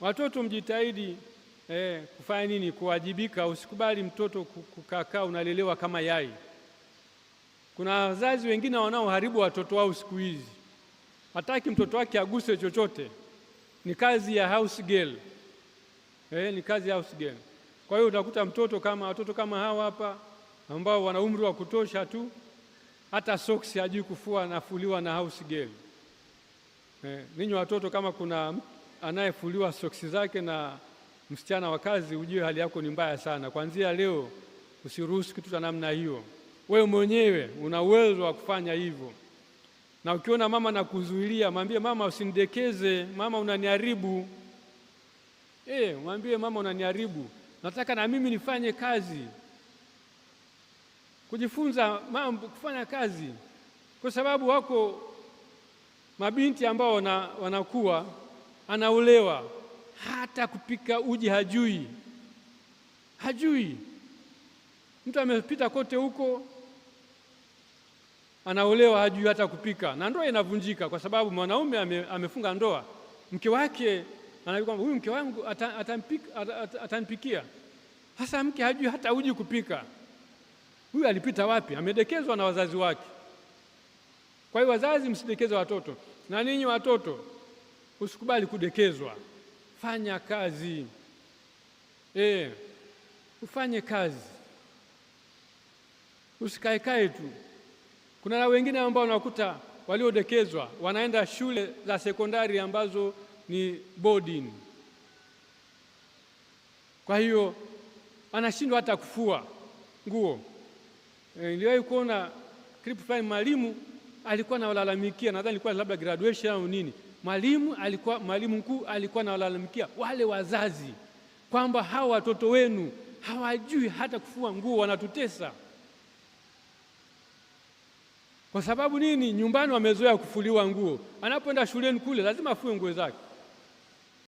Watoto mjitahidi eh, kufanya nini? Kuwajibika. Usikubali mtoto kukakaa unalelewa kama yai. Kuna wazazi wengine wanaoharibu watoto wao siku hizi, hataki mtoto wake aguse chochote, ni kazi ya house girl. Eh, ni kazi ya house girl. Kwa hiyo utakuta mtoto kama watoto kama hawa hapa ambao wana umri wa kutosha tu, hata socks hajui kufua, nafuliwa na house girl. Eh, ninyi watoto kama kuna anayefuliwa soksi zake na msichana wa kazi, ujue hali yako ni mbaya sana. Kuanzia leo usiruhusu kitu cha namna hiyo. Wewe mwenyewe una uwezo wa kufanya hivyo, na ukiona mama nakuzuilia, mwambie mama, usinidekeze mama, unaniharibu. Eh, mwambie mama, unaniharibu, nataka na mimi nifanye kazi, kujifunza mambo, kufanya kazi, kwa sababu wako mabinti ambao wanakuwa anaolewa, hata kupika uji hajui, hajui. Mtu amepita kote huko, anaolewa, hajui hata kupika, na ndoa inavunjika kwa sababu mwanaume ame, amefunga ndoa, mke wake anaambia kwamba huyu mke wangu atampikia atampik, hasa mke hajui hata uji kupika. Huyu alipita wapi? Amedekezwa na wazazi wake. Kwa hiyo wazazi, msidekeze watoto. Na ninyi watoto Usikubali kudekezwa, fanya kazi e, ufanye kazi, usikaekae tu. Kuna na wengine ambao unakuta waliodekezwa wanaenda shule za sekondari ambazo ni boarding, kwa hiyo anashindwa hata kufua nguo. E, niliwahi kuona clip fulani, mwalimu alikuwa anawalalamikia, nadhani ilikuwa labda graduation au nini Mwalimu alikuwa mwalimu mkuu alikuwa anawalalamikia wale wazazi kwamba hawa watoto wenu hawajui hata kufua nguo, wanatutesa. Kwa sababu nini? Nyumbani wamezoea kufuliwa nguo, anapoenda shuleni kule lazima afue nguo zake.